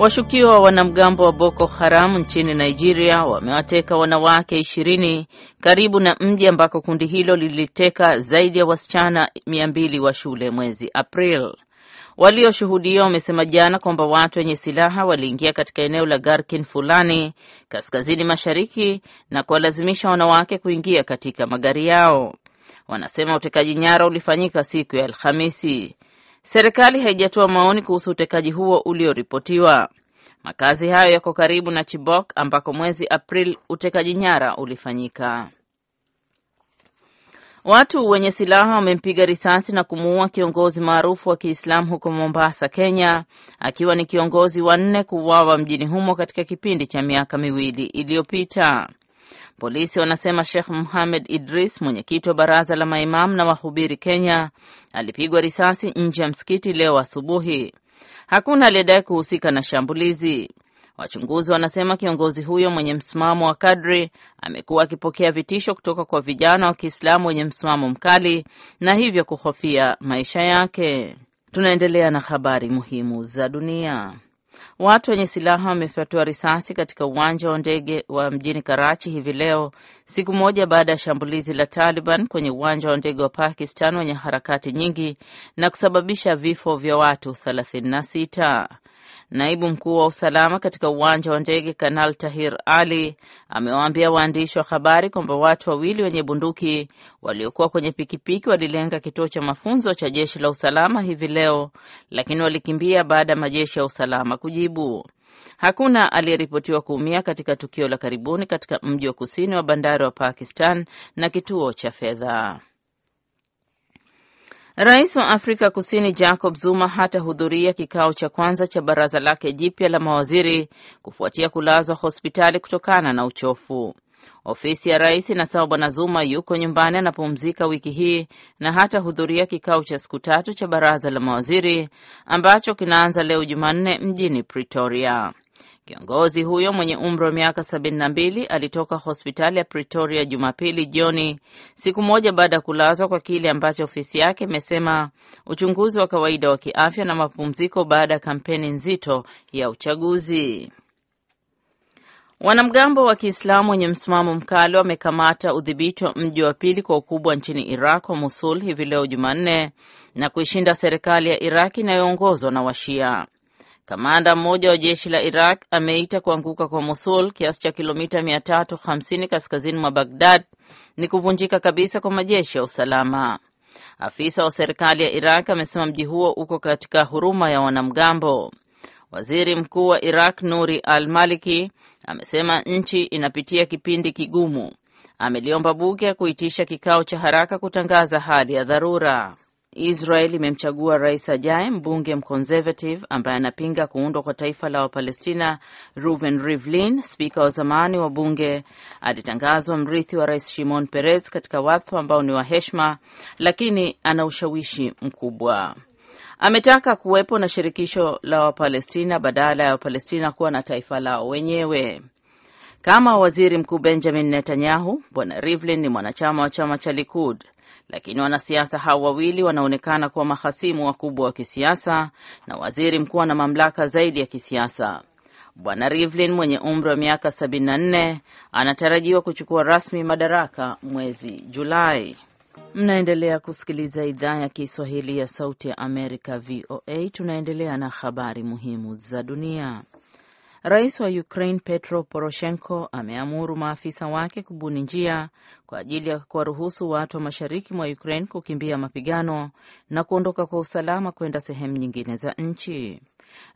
Washukiwa wa wanamgambo wa Boko Haram nchini Nigeria wamewateka wanawake ishirini karibu na mji ambako kundi hilo liliteka zaidi ya wasichana mia mbili wa shule mwezi April. Walioshuhudia wamesema jana kwamba watu wenye silaha waliingia katika eneo la Garkin Fulani kaskazini mashariki na kuwalazimisha wanawake kuingia katika magari yao. Wanasema utekaji nyara ulifanyika siku ya Alhamisi. Serikali haijatoa maoni kuhusu utekaji huo ulioripotiwa. Makazi hayo yako karibu na Chibok ambako mwezi Aprili utekaji nyara ulifanyika. Watu wenye silaha wamempiga risasi na kumuua kiongozi maarufu wa Kiislamu huko Mombasa, Kenya, akiwa ni kiongozi wa nne kuuawa mjini humo katika kipindi cha miaka miwili iliyopita. Polisi wanasema Sheikh muhamed Idris, mwenyekiti wa baraza la maimamu na wahubiri Kenya, alipigwa risasi nje ya msikiti leo asubuhi. Hakuna aliyedai kuhusika na shambulizi. Wachunguzi wanasema kiongozi huyo mwenye msimamo wa kadri amekuwa akipokea vitisho kutoka kwa vijana wa Kiislamu wenye msimamo mkali na hivyo kuhofia maisha yake. Tunaendelea na habari muhimu za dunia. Watu wenye silaha wamefyatua risasi katika uwanja wa ndege wa mjini Karachi hivi leo, siku moja baada ya shambulizi la Taliban kwenye uwanja wa ndege wa Pakistan wenye harakati nyingi na kusababisha vifo vya watu 36. Naibu mkuu wa usalama katika uwanja wa ndege Kanal Tahir Ali amewaambia waandishi wa habari kwamba watu wawili wenye bunduki waliokuwa kwenye pikipiki walilenga kituo cha mafunzo cha jeshi la usalama hivi leo, lakini walikimbia baada ya majeshi ya usalama kujibu. Hakuna aliyeripotiwa kuumia katika tukio la karibuni katika mji wa kusini wa bandari wa Pakistan na kituo cha fedha. Rais wa Afrika Kusini Jacob Zuma hatahudhuria kikao cha kwanza cha baraza lake jipya la mawaziri kufuatia kulazwa hospitali kutokana na uchofu. Ofisi ya rais inasema bwana Zuma yuko nyumbani anapumzika wiki hii na hatahudhuria kikao cha siku tatu cha baraza la mawaziri ambacho kinaanza leo Jumanne mjini Pretoria. Kiongozi huyo mwenye umri wa miaka 72 alitoka hospitali ya Pretoria Jumapili jioni, siku moja baada ya kulazwa kwa kile ambacho ofisi yake imesema uchunguzi wa kawaida wa kiafya na mapumziko baada ya kampeni nzito ya uchaguzi. Wanamgambo wa Kiislamu wenye msimamo mkali wamekamata udhibiti wa mji wa pili kwa ukubwa nchini Iraq wa Mosul hivi leo Jumanne na kuishinda serikali ya Iraq inayoongozwa na Washia. Kamanda mmoja wa jeshi la Iraq ameita kuanguka kwa Mosul kiasi cha kilomita 350 kaskazini mwa Bagdad ni kuvunjika kabisa kwa majeshi ya usalama. Afisa wa serikali ya Iraq amesema mji huo uko katika huruma ya wanamgambo. Waziri Mkuu wa Iraq Nuri al-Maliki amesema nchi inapitia kipindi kigumu. Ameliomba bunge kuitisha kikao cha haraka kutangaza hali ya dharura. Israel imemchagua rais ajaye mbunge mconservative ambaye anapinga kuundwa kwa taifa la Wapalestina, ruven Rivlin. Spika wa zamani wa bunge alitangazwa mrithi wa rais Shimon Peres katika wadhifa ambao ni wa heshima, lakini ana ushawishi mkubwa. Ametaka kuwepo na shirikisho la Wapalestina badala ya Wapalestina kuwa na taifa lao wenyewe. Kama waziri mkuu Benjamin Netanyahu, bwana Rivlin ni mwanachama wa chama cha Likud lakini wanasiasa hao wawili wanaonekana kuwa mahasimu wakubwa wa kisiasa na waziri mkuu ana mamlaka zaidi ya kisiasa. Bwana Rivlin mwenye umri wa miaka 74 anatarajiwa kuchukua rasmi madaraka mwezi Julai. Mnaendelea kusikiliza idhaa ya Kiswahili ya Sauti ya Amerika, VOA. Tunaendelea na habari muhimu za dunia. Rais wa Ukraine Petro Poroshenko ameamuru maafisa wake kubuni njia kwa ajili ya kuwaruhusu watu wa mashariki mwa Ukraine kukimbia mapigano na kuondoka kwa usalama kwenda sehemu nyingine za nchi.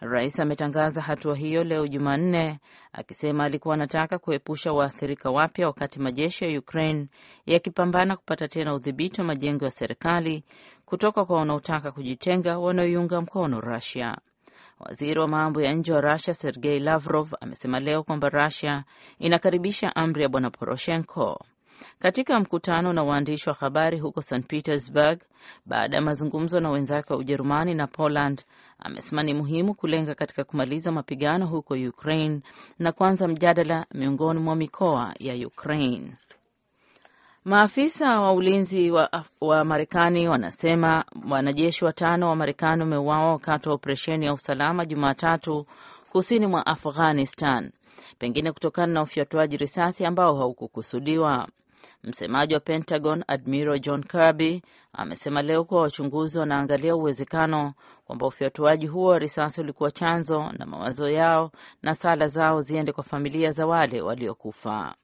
Rais ametangaza hatua hiyo leo Jumanne, akisema alikuwa anataka kuepusha waathirika wapya wakati majeshi ya Ukraine yakipambana kupata tena udhibiti wa majengo ya serikali kutoka kwa wanaotaka kujitenga wanaoiunga mkono rusia Waziri wa mambo ya nje wa Rusia Sergei Lavrov amesema leo kwamba Rusia inakaribisha amri ya bwana Poroshenko. Katika mkutano na waandishi wa habari huko St Petersburg baada ya mazungumzo na wenzake wa Ujerumani na Poland, amesema ni muhimu kulenga katika kumaliza mapigano huko Ukraine na kuanza mjadala miongoni mwa mikoa ya Ukraine. Maafisa wa ulinzi wa, wa Marekani wanasema wanajeshi watano wa Marekani wameuawa wakati wa operesheni ya usalama Jumatatu kusini mwa Afghanistan, pengine kutokana na ufyatuaji risasi ambao haukukusudiwa. Msemaji wa Pentagon Admiral John Kirby amesema leo kuwa wachunguzi wanaangalia uwezekano kwamba ufyatuaji huo wa risasi ulikuwa chanzo, na mawazo yao na sala zao ziende kwa familia za wale waliokufa.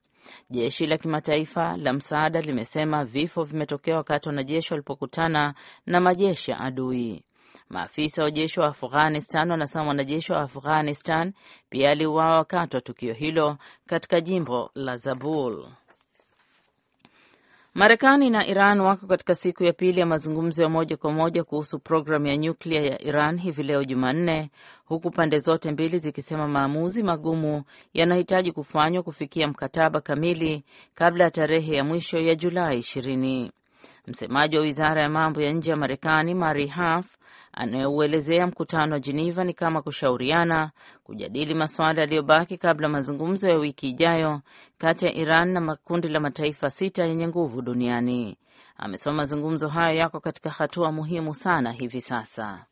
Jeshi la kimataifa la msaada limesema vifo vimetokea wakati wanajeshi walipokutana na majeshi ya adui. Maafisa wa jeshi wa Afghanistan wanasema mwanajeshi wa Afghanistan pia aliuawa wakati wa tukio hilo katika jimbo la Zabul. Marekani na Iran wako katika siku ya pili ya mazungumzo ya moja kwa moja kuhusu programu ya nyuklia ya Iran hivi leo Jumanne, huku pande zote mbili zikisema maamuzi magumu yanahitaji kufanywa kufikia mkataba kamili kabla ya tarehe ya mwisho ya Julai ishirini. Msemaji wa wizara ya mambo ya nje ya Marekani Mari Harf anayouelezea mkutano wa jeneva ni kama kushauriana kujadili masuala yaliyobaki kabla mazungumzo ya wiki ijayo kati ya Iran na makundi la mataifa sita yenye nguvu duniani. Amesema mazungumzo hayo yako katika hatua muhimu sana hivi sasa.